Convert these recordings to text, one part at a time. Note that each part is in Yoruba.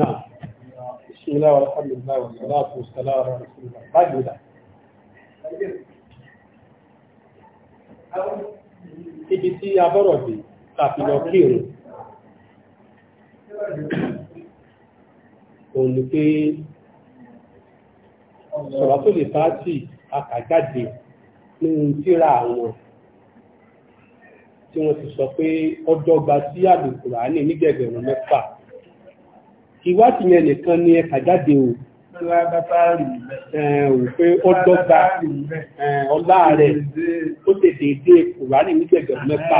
نعم بسم الله والحمد لله والصلاة والسلام على رسول الله بعد ولا ibi tí abọ́rọ̀ dé tàbí lọ kírun òun ni pé sọ̀rọ̀ tó lè bá tì àkàjáde nínú tíra àwọn tí wọ́n ti sọ pé ọdọ́gba sí àlùkùránì nígbẹ̀gbẹ̀rún mẹ́fà ìwádìí yẹn nìkan ni ẹ kà jáde o pé ó dọ́gba ọlá rẹ̀ ó ṣe déédé kùránì ní gbẹ̀gbẹ̀rún mẹ́fà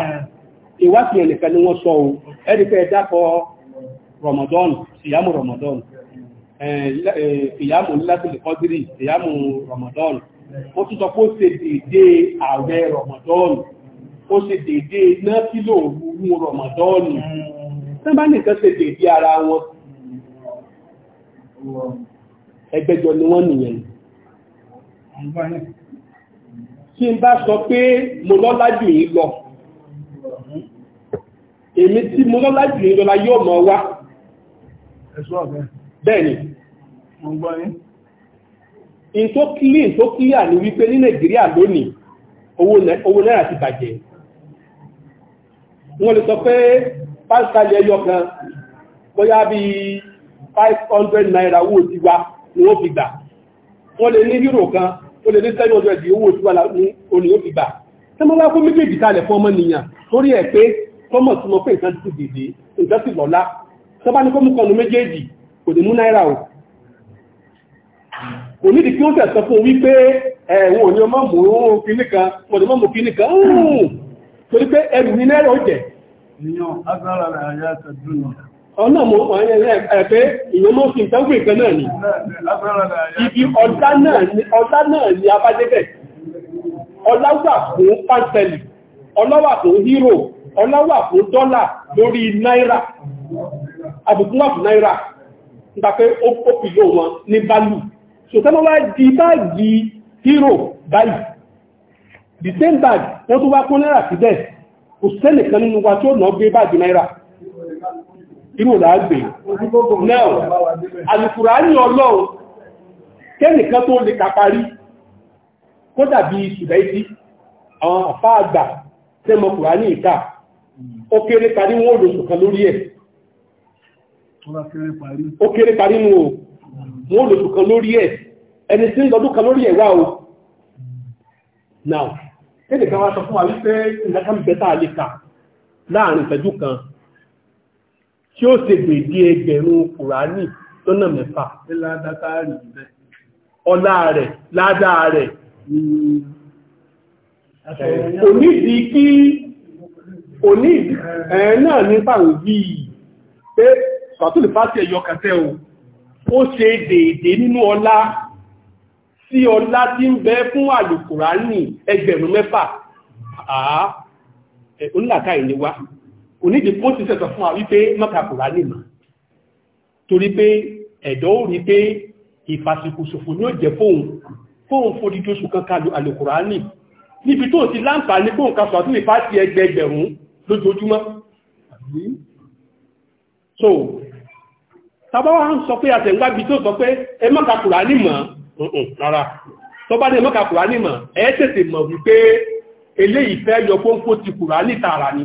ìwádìí yẹn nìkan ni wọ́n sọ o ẹni pé ẹ dákọ̀ rọmọdọ́nù ìyàmù rọmọdọ́nù ìyàmù nílásìlè kọ́dírì ìyàmù rọmọdọ́nù ó tún sọ pé ó ṣe déédé ààrẹ rọmọdọ́nù ó ṣe déédé náà kí lóòrùn rọmọdọ́nù tí nìkan ṣe déédé ara wọn ẹgbẹ́jọ ni wọ́n nìyẹn tí ń bá sọ pé mo lọ́lá jù lọ èmi tí mo lọ́lá jù yín lọ́la yóò mọ̀ wá bẹ́ẹ̀ni in tó clean tó ni wípé ní Nàìjíríà lónìí owó ti bàjẹ́ wọ́n lè sọ pé kan bóyá bíi 500 hundred naira owó tiwa ni wọ́n fi gbà wọ́n lè ní euro kan wọ́n lè ní seven hundred owó tiwa ni wọ́n fi gbà tí wọ́n bá kó méjèèjì kalẹ̀ fún ọmọnìyàn lórí ẹ̀ pé tọ́mọ̀ tí mo pé nǹkan ti dìde nǹkan ti lọ́lá tọ́ bá ní kó mú kọnu méjèèjì kò ní mú náírà o kò ní ìdí kí ó tẹ̀sán fún wípé ẹ̀wọ̀n ò ní ọmọ mú kíníkan wọ́n ni ọ̀nà mọ̀ ẹ̀pẹ́ ìyẹn mọ́ fi ìtẹ́gbẹ̀ ìkan náà ni ibi ọ̀dá náà ni abájẹ́bẹ̀ ọláwà fún pàtẹ́lì ọláwà fún hero ọláwà fún dọ́là lórí náírà àbùkúnwà fún náírà nígbàpẹ́ ó pìlò wọn ní bálù ṣòtẹ́lọ́wà di báàgì hero báyìí the same bag wọ́n tó wá kún náírà sí bẹ́ẹ̀ kò sẹ́nìkan nínú wa tí ó nà gbé báàgì náírà irú làágbè náà alùkùránì ọlọ́run kẹ́nìkan tó lè kàparí kó dàbí ṣùgbẹ́sí àwọn àfá àgbà tẹ́mọ̀ kùránì ìta ó kéré parí wọn olóṣù kan lórí ẹ̀ ó kéré parí wọn olóṣù kan lórí ẹ̀ ẹni tí ń lọ́dún kan lórí ẹ̀ wá o now kẹ́nìkan wá sọ fún wa wípé ìlẹ́kàmì bẹ́ta àlè kà láàrin ìfẹ́jú kan kí ó se gbèdé ẹgbẹ̀rún kùránì lọ́nà mẹ́fà ọlá rẹ̀ ládá rẹ̀ onídi kí onídi ẹ̀ẹ́ náà ní pàrò bí pé pàtàkì pàtàkì ẹ̀yọ kàtẹ́ o ó ṣe dèèdè nínú ọlá sí ọlá tí ń bẹ fún àlùkùránì ẹgbẹ̀rún mẹ́fà àá onílàkà ìníwá onídìí kó ti sẹ̀tọ̀ fún wa wípé mọ́ta kò rá nìmọ̀ torí pé ẹ̀dọ́ ò rí pé ìfàsìkò ṣòfò ní ó jẹ fóun fóun fòdídó sùn kan kalu alùkùránì níbi tó ti láǹfà ní fóun kan sọ̀tún ìfà ti ẹgbẹgbẹ̀rún lójoojúmọ́ so tabawa ń sọ pé àtẹ̀ngbábi tó sọ pé ẹ mọ́ta kò rá nìmọ̀ rárá tó bá ní mọ́ta kò rá nìmọ̀ ẹ tètè mọ̀ eléyìí fẹ́ yọ fóun fó ti kùránì tààrà ni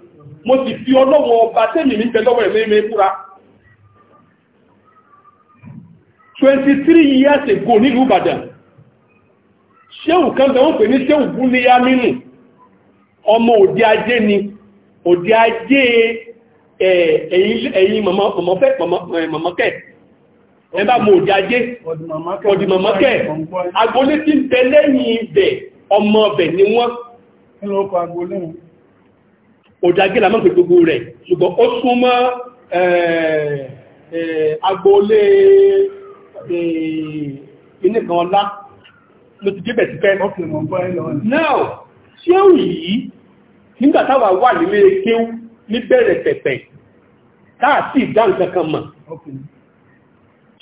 mo sì fi ọlọ́wọ́ ọba tẹ́mì ní pẹ̀lọ́wọ́ ẹ̀mẹ́ ẹ̀mẹ́ búra 23 years ago nílùú Ìbàdàn ṣéhù kan tẹ́ wọ́n pè ní ṣéhù bú ní yá nínú ọmọ òdí ajé ni òdí ajé ẹ̀yìn mọ̀mọ́kẹ́ ẹbá mo òdí ajé ọdìmọ̀mọ́kẹ́ agbolé tí ń bẹ lẹ́yìn ibẹ̀ ọmọ ọbẹ̀ ni wọ́n òdàgé la mọ́pẹ̀ gbogbo rẹ̀ ṣùgbọ́n ó súnmọ́ agboolé inìkan ọlá ló ti débẹ̀ ti pẹ́ náà tí ó yìí nígbàtàwà wà nílé kéwú níbẹ̀rẹ̀ pẹ̀pẹ̀ káàtì ìdáhùn kankan mọ̀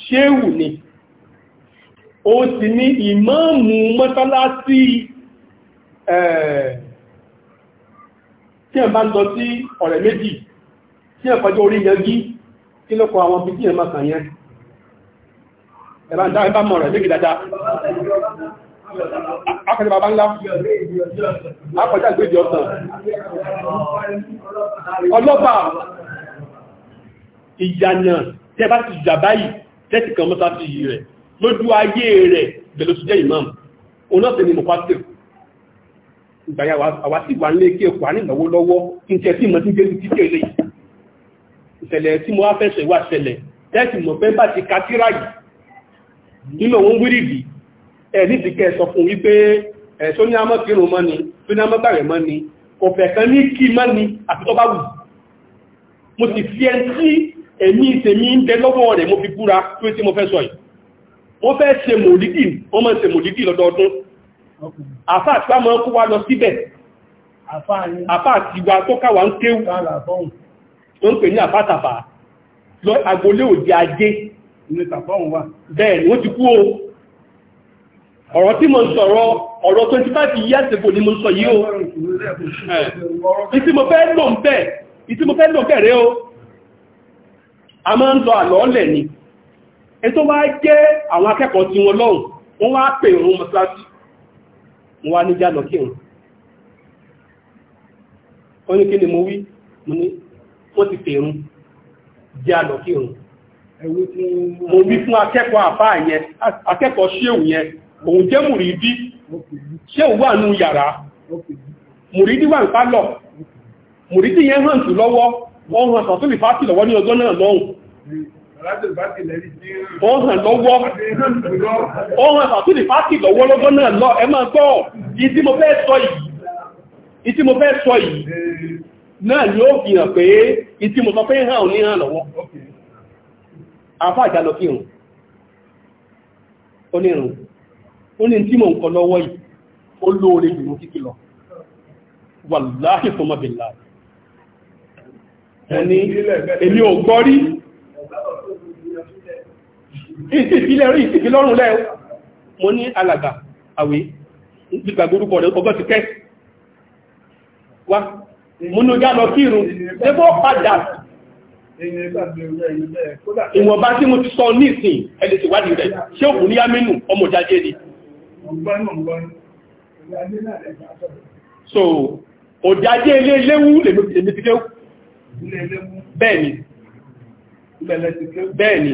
ṣéwù ni ó sì ní ìmáàmù mọ́sálásí ẹ̀ẹ́ tí ẹ̀ bá ń lọ sí ọ̀rẹ́ méjì tí ẹ̀ kọjọ́ orí yanjú kí ló kọ àwọn bí tí ẹ̀ máa kàn yẹn ẹ̀ bá ń dá ẹ̀ bá mọ̀ ọ̀rẹ́ méjì dáadáa akọ̀jọ́ bàbá ńlá akọ̀jọ́ àgbèjì ọ̀sán ọlọ́pà ìyànà tẹ́ bá ti jà báyìí tẹ́tì kan mọ́sáfì rẹ̀ lójú ayé rẹ̀ bẹ̀lọ́sùjẹ́ ìmáàmù onáṣẹ́ ni mọ̀pátìrì ìgbàyà àwa sì wà nílé kí èkó ànínáwó lọ́wọ́ kí n tẹ́ sí ìmọ̀ tí ń gbé títí èlé ìṣẹ̀lẹ̀ tí mo wá fẹ́ ṣẹlẹ̀ tẹ́sì mọ̀ pé bá ti kátírà yìí nínú òun wírìbì ẹ̀ níbi kẹ́ sọ fún wípé ẹ̀ ní àmọ́ kírùn mọ́ ni tó ní àmọ́ bàrẹ̀ mọ́ ni kò fẹ́ kan ní kí mọ́ ni àti tó bá wù mo sì fi ẹ tí èmi ìsẹ̀mí ń bẹ lọ́wọ́ rẹ̀ mo fi búra tó tí mo fẹ́ sọ yìí mo fẹ́ ṣe mòlídì wọ́n mọ́ ṣe mòlídì lọ́dọọdún àfà àti wá mọ́ kó wá lọ síbẹ̀ àfà àti wá tó káwà ń kéwù tó ń pè ní àfàtàfà lọ agbolé òdí ajé bẹ́ẹ̀ ni wọ́n ti kú o ọ̀rọ̀ tí mo ń sọ̀rọ̀ ọ̀rọ̀ 25 years ago ni mo ń sọ yìí o ìtí mo fẹ́ lò ń bẹ̀ ìtí mo fẹ́ lò bẹ̀rẹ̀ o a máa ń lọ àlọ́ọ̀lẹ̀ ni ẹ tó wá jẹ́ àwọn akẹ́kọ̀ọ́ tí wọn lọ́hùn wọ́n wá nwa wa ni jalo ki un oni kini mo wi mo ni o ti perun jalo ki un mo wi fun akeko apa yen akeko yen oun je muridi seun wa nu yara muridi wa npa lo muridi yen han ti lowo won ha so tun ni fasti lowo ó hàn lọ́wọ́ ó hàn fàtúlì fàtì lọ́wọ́ lọ́gọ́ náà lọ ẹ máa gbọ́ ìtí mo fẹ́ sọ yìí náà ni ó fi hàn pé ìtí mo sọ pé hàn ní hàn lọ́wọ́ àfá ìjàlọ kí hàn onírùn ó ní tí mo ń kọ lọ́wọ́ yìí ó lóore jùlọ kíkì ìsìnkílẹ̀ rí ìsìnkílọ́rùn lẹ́ mo ní alàgbà àwé gbígbàgbórúkọ rẹ̀ ọgọ́ ti kẹ́ wá múnú já lọ kírun ẹgbọ́ padà ìwọ̀nba tí mo ti sọ ní ìsìn ẹni ti wádìí rẹ̀ ṣé òkú ní amínú ọmọ jáde ni so òjáde ilé léwú lèmi ti kéwú bẹ́ẹ̀ni bẹ́ẹ̀ni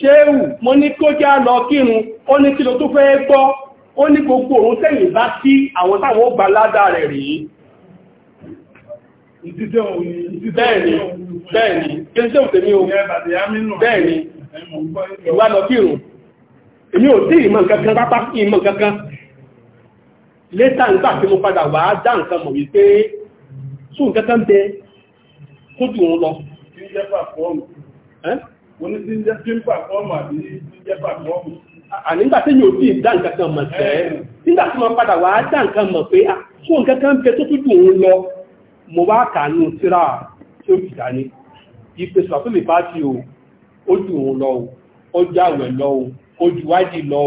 ṣéwù mo ní kó já lọ kírun ó ní kí ló tó fẹ́ gbọ́ ó ní gbogbo òun tẹ̀yìn bá sí àwọn táwọn ó gbà ládàá rẹ̀ rèé bẹ́ẹ̀ni bẹ́ẹ̀ni kí n ṣéwù tèmi o bẹ́ẹ̀ni ìwà lọ kírun èmi ò tí ìmọ̀ kankan pápá ìmọ̀ kankan létà ń gbà tí mo padà wà á dá nǹkan mọ̀ wípé sún kankan bẹ kó jù wọn lọ oní tí ń jẹ́ pímpà fọ́ọ̀mù àbí tí ń jẹ́ pàfọ́ọ̀mù. ànígbà tí yóò fi dá nǹkan kan mọ̀ sẹ́ nígbà tí wọ́n padà wá dá nǹkan mọ̀ pé kó nǹkan kan bẹ tó tún dùn ún lọ mo o ó o ó já o ó ju wádìí o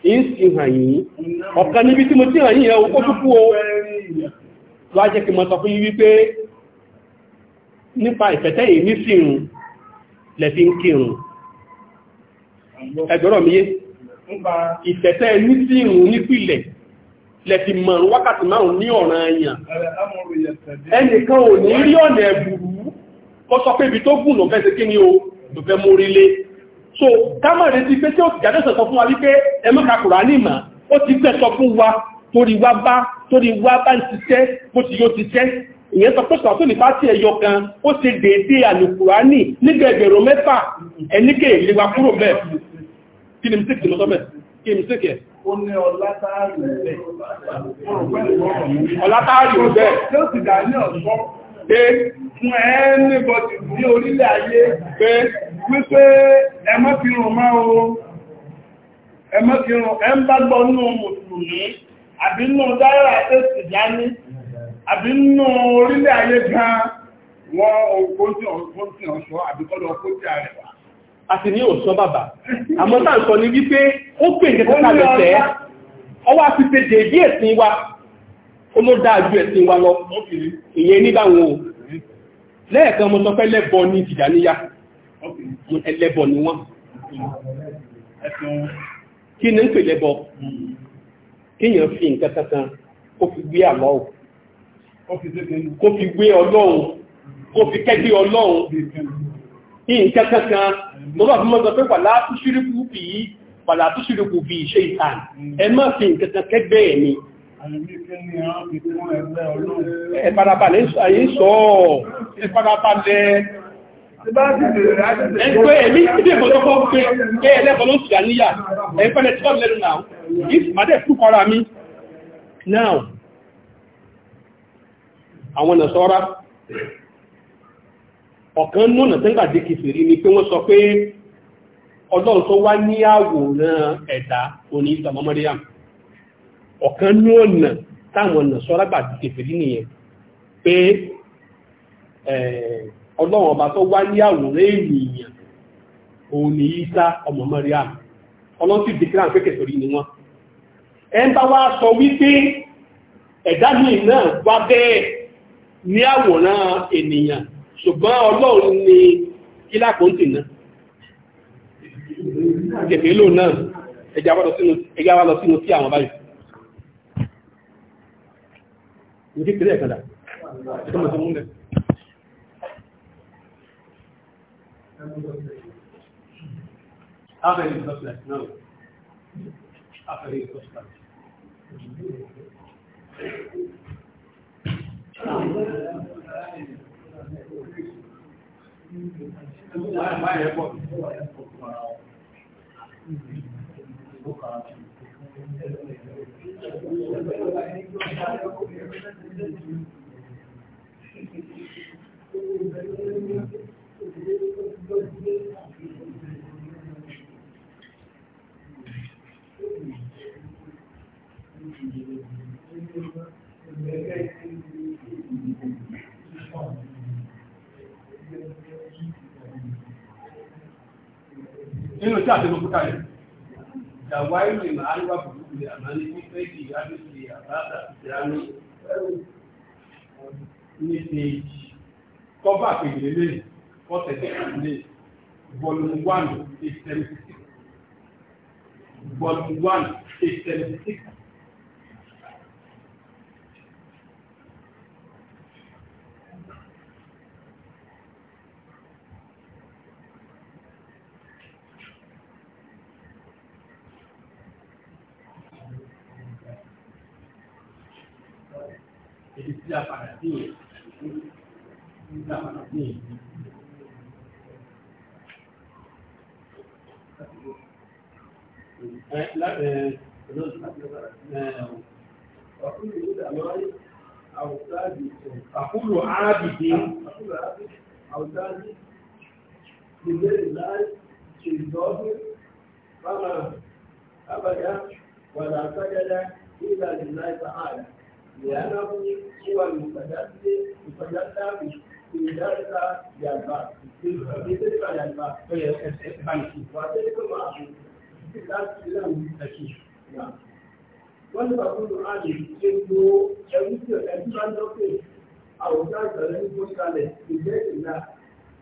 kì í sì hàn yín ọ̀kan o kó tó kú o wá jẹ́ kí lẹ́fí ń kírun ẹgbọ́rọ̀ mi yé ìfẹ̀fẹ́ ní sí ìrùn nípìlẹ̀ lẹ́fí mọ̀rún wákàtí márùn ní ọ̀ràn ẹ̀yàn ẹnìkan ò ní rí ọ̀nà ẹ̀bùrú kọ́ sọ pé ibi tó gùn lọ fẹ́ sí kí ni o lọ fẹ́ mórí lé so kámọ̀ rẹ̀ ti pé tí ó jàdé sọ fún wa wípé ẹmọ́ kakùrà ní ìmọ̀ ó ti fẹ́ sọ fún wa torí wá bá torí wá bá ń ṣiṣẹ́ bó ti yóò ti ṣiṣẹ́ ìyẹn sọ pé sọ̀tún ní fásí ẹyọ kan ó ṣe dédé àlùkùránì nígbẹ̀gbẹ̀rún mẹ́fà ẹníkè ìléwà kúrò mẹ́ kí ni mistake lọ sọ́mẹ̀ kí ni mistake ẹ̀ ó ní ọlátáàrí ọ̀bẹ́ yóò sì dà ní ọ̀sọ́ pé fún ẹnìbọ̀dì ní orílẹ̀ ayé pé wípé ẹmọ́kìrùn máa o ẹmọ́kìrùn ẹ ń bá gbọ́ nínú mùsùlùmí àbínú dáírà tẹ́sì dání àbí nínú orílẹ̀ ayé gan wọn ògbóntí ọ̀gbóntí ọ̀ṣọ́ àbíkọ́lọ̀ ọkóntí ààrẹ wà. a sì ní òṣọ́ bàbá àmọ́ tá à ń sọ ní wípé ó pè ní kẹta lẹ́sẹ̀ ọwọ́ a fi ṣe dèbí ẹ̀sìn wa ó ló dáa ju ẹ̀sìn wa lọ ìyẹn níbàwọn o lẹ́ẹ̀kan mo sọ pé lẹ́bọ ní ìdìdàníyà ẹlẹ́bọ ni wọ́n kí ni ń pè lẹ́bọ hmm. kíyàn fi nǹkan kankan ó fi gbé àlọ́ òkú kó fi wé ọlọ́run kó fi kẹ́gbé ọlọ́run ìkẹ́kẹ́kan lọ́wọ́ fún mọ́sán pé wàlá tó ṣíríkù bí i wàlá tó ṣíríkù bí i ṣe ìtàn ẹ má fi nǹkan kẹ́gbẹ́ ẹ̀ ni ẹ̀fàdàbàlẹ̀ ayé sọ ẹ̀fàdàbàlẹ̀ ẹgbẹ́ ẹ̀mí ìdí ìbọ̀lọ́pọ̀ pé kẹ́ ẹlẹ́bọ̀ ló sì àníyà ẹ̀fẹ́lẹ̀ tí wọ́n lẹ́nu náà àwọn nàṣọ́rá ọ̀kan núnà tí ń gàdé kìfèrí ni pé wọ́n sọ pé ọlọ́run tó wá ní òní ọ̀kan táwọn nàṣọ́rá kìfèrí nìyẹn pé ọlọ́run ọba tó wá ní àwòrán ènìyàn òní ìsá ọmọ ní àwòrán ènìyàn ṣùgbọ́n ọlọ́run ni kílàkó ń tìná kẹfẹ́ lò náà ẹjá wá lọ sínú sí àwọn báyìí ní kékeré ẹ̀kàdà ẹ̀kọ́mọ̀ tó múlẹ̀ Afẹ́ ìsọ́sílẹ̀ náà. Afẹ́ ìsọ́sílẹ̀. vai you. tí àti lókú kalẹ̀. Ìjàwárí lè máa ń wà pẹ̀lú ìlẹ̀ àmà ní pípẹ́ di àbíṣe àbáta ìdáná ní péjì. Kọ́bà pèlè lè kọ́tẹ̀lẹ̀ lè volume one eight seventy six volume one eight seventy six. بغير الله شيء ظاهر فما أبدا ولا سجد إلا لله تعالى لأنه هو المتجدد متجدد في ذلك جلبات بتلك الجلبات وتلك معصوم بذلك لم تشيء نعم wọ́n nípa fún ìrìnàjò ètò ẹ̀rú tí ẹ̀dúrà lọ́pẹ̀ àwùjọ àgbẹ̀rẹ̀ ní bó kalẹ̀ ìgbẹ́ ìlà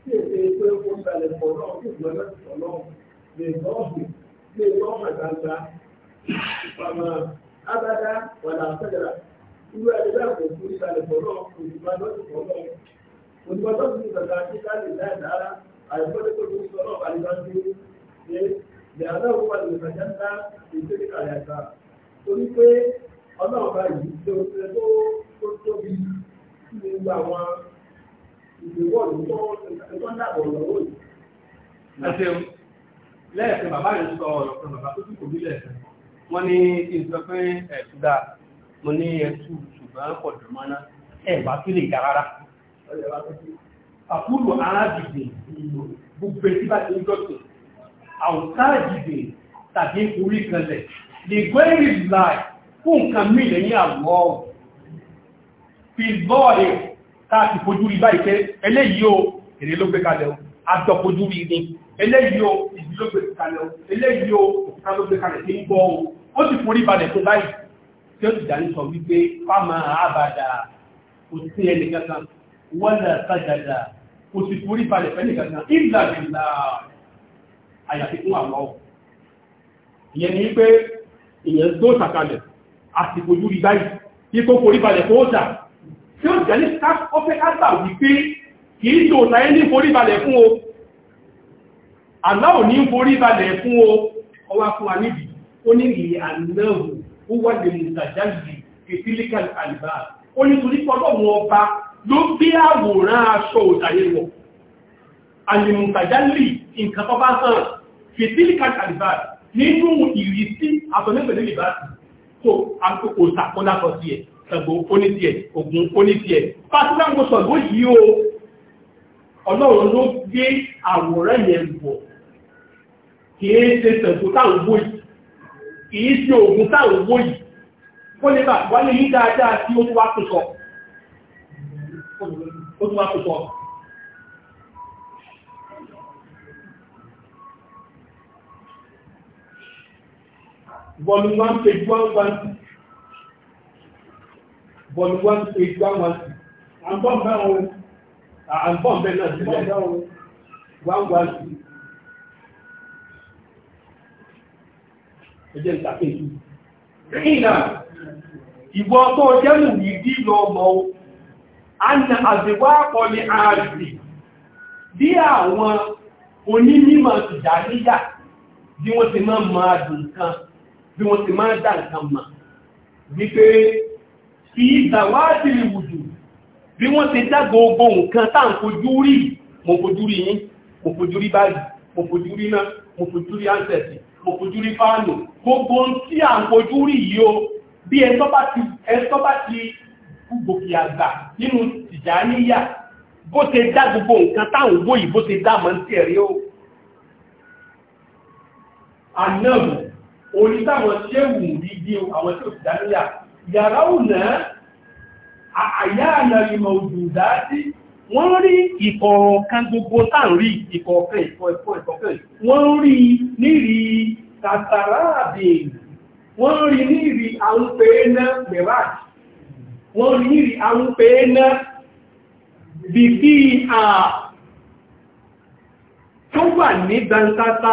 tí èdè pé ó ń balẹ̀ pọ̀ náà kí ìgbọ́n náà sọ̀ náà lè gbọ́ ọ̀gbìn lè gbọ́ ọ̀gbìn gbangba pàmò abada wàlà àfẹ́dàrà irú ẹni bẹ́ẹ̀ kò fún ìbalẹ̀ pọ̀ náà kò ní bá lọ́sùn pọ̀ náà kò ní bá lọ́sùn ní gbàgbà kí ká lè dá ìdára àìsọ́lé àwọn Ẹ̀ṣẹ̀un, lẹ́ẹ̀kẹ́ bàbá rẹ̀ sọ ọ̀rọ̀ kan bàbá tó tí kò bí lẹ́ẹ̀kẹ́. Wọ́n ní kí pé ẹ̀tù dáa, mo ní ẹ̀tù ṣùgbọ́n pọ̀ jùmọ́ná, ẹ̀bá tí lè ga rárá. Àkúrò arábìdì gbogbo tí bá ti ń gọ́tò, àwùtáàjìdì tàbí orí kanlẹ̀, lè gbé ìrìnlá fún nǹkan mí lẹ́yìn àwọ̀ káàkì fojú rí báyìí pé eléyìí o èrè ló gbé kalẹ̀ o àjọfojú rí ni eléyìí o ìdí ló gbé kalẹ̀ o eléyìí o òkúta ló gbé kalẹ̀ tí ń bọ́ o ó sì forí balẹ̀ fún báyìí tí ó sì dání sọ wípé fáma àbàdà kò sí ẹnì kankan wọ́lẹ̀ sàjàdà kò sì forí balẹ̀ fẹ́ nìkan kan ìlà ìlà àyàfi fún àwọn ọ̀ ìyẹn ni pé ìyẹn tó sàkalẹ̀ àsìkò yúrí báyìí kí kó forí balẹ̀ fún ó tí ó jẹ́ ní ọfẹ́ kágbà wípé kì í tó tàí ní forí balẹ̀ fún o aláwò ní forí balẹ̀ fún o ọwá fún àníbì ó ní ilẹ̀ aláwò ó wà lè mùsàjáde ìfílíkà àlìbá ó ní torí pọ́lọ́mù ọba ló gbé àwòrán aṣọ òtàyè wọ̀ àlìmùsàjáde nǹkan tó bá Ṣàngó onítiẹ̀ Ògún onítiẹ̀ pàṣípàgbò Ṣàngó yìí o ọlọ́run ló gbé àwòrán yẹn wọ̀ kìí ṣe Ṣàngó táwọn wó yìí kìí ṣe Ògún táwọn wó yìí kó lè bà wálé yí dáadáa tí ó tún wá tó sọ ó tún wá tó sọ volume 1 page 112 bọ̀lù one eight one one six àǹbọ̀n bẹ́ẹ̀ o àǹbọ̀n bẹ́ẹ̀ náà sílẹ̀ one one six. ẹjẹ́ ìtàkéjì. Rínà, ìwọ tó jẹ́lù ìdí lọ mọ́ o, a na àzíwá ọlẹ̀ ààrẹ̀ bí àwọn onímọ̀ ìjà níyà bí wọ́n ti máa máa dùn kan, bí wọ́n ti máa dà nǹkan mà, wípé fi ìtàwádìí wùdù bí wọ́n ti dá gbogbo nǹkan tá ń fojú rí mo fojú rí yín mo fojú rí báyìí mo fojú rí náà mo fojú rí ánsẹ̀tì mo fojú rí fáànù gbogbo tí à ń fojú rí yìí o bí ẹ̀tọ́ bá ti gbòkè àgbà nínú Tìjàníyà bó ti dá gbogbo nǹkan táwọn wó yìí bó ti dá mọ́ sí ẹ̀rí o ànáwò orí táwọn ṣéwù rí bí àwọn tí ò Tìjàníyà yàráùnà àyáàlà ìmọ̀ òjòdá sí wọ́n rí ìkọ̀ọ̀kan gbogbo táàrí ìkọ̀ọ̀kan ìkọ̀ọ̀kan wọ́n rí nírí tàtàràbì wọ́n rí nírí àwọn pẹ́ẹ́nà mẹ́ràj wọ́n rí nírí àwọn pẹ́ẹ́nà bìbí à tó wà ní gbàǹkàtà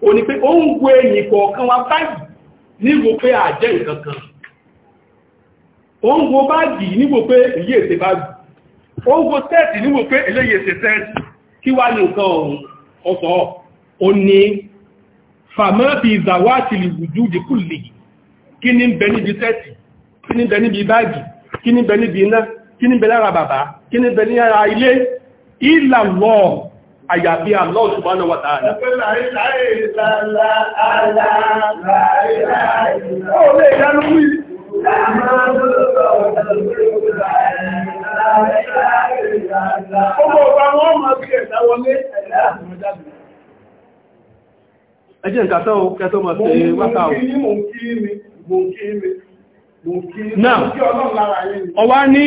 o ní pé ó ń wo èyìn kọ̀ọ̀kan wa báyìí níwò pé àjẹ́ ìkankan ó ń wo báàgì níwò pé èyí èsè báàgì ó ń wo tẹ́ẹ̀tì níwò pé eléyìí èsè tẹ́ẹ̀tì kí wá ní nǹkan ọ̀hún ọ̀sọ̀ ó ní fàmọ́bì ìzàwátì lìwùjú dìkú lè kí ní bẹ níbi tẹ́ẹ̀tì àyàbí Allah subhanahu wa ta'ala. Ẹjẹ́ ìgbàtọ́ kẹtọ́ mọ̀ sí wákà ọ̀. Mo kí mi, mo kí mi, mo kí mi, mo kí ọlọ́run lára yìí. Ọwá ní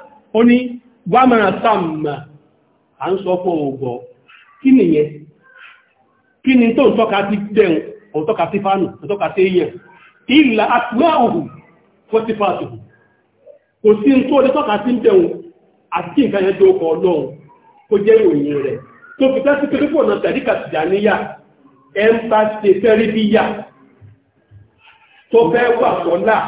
ó ní wàmà sàmà à ń sọ fún ọgbọ̀ kí nìyẹn kí ni tó ń tọ́ka sí dẹ̀un òun tọ́ka fánù tọ́ka sí ìlà àtúwà òhù fọ́sífàtù kò sí tó lè tọ́ka sí dẹ̀un àti ìfẹ́yẹn tó kọ jẹ́ rẹ̀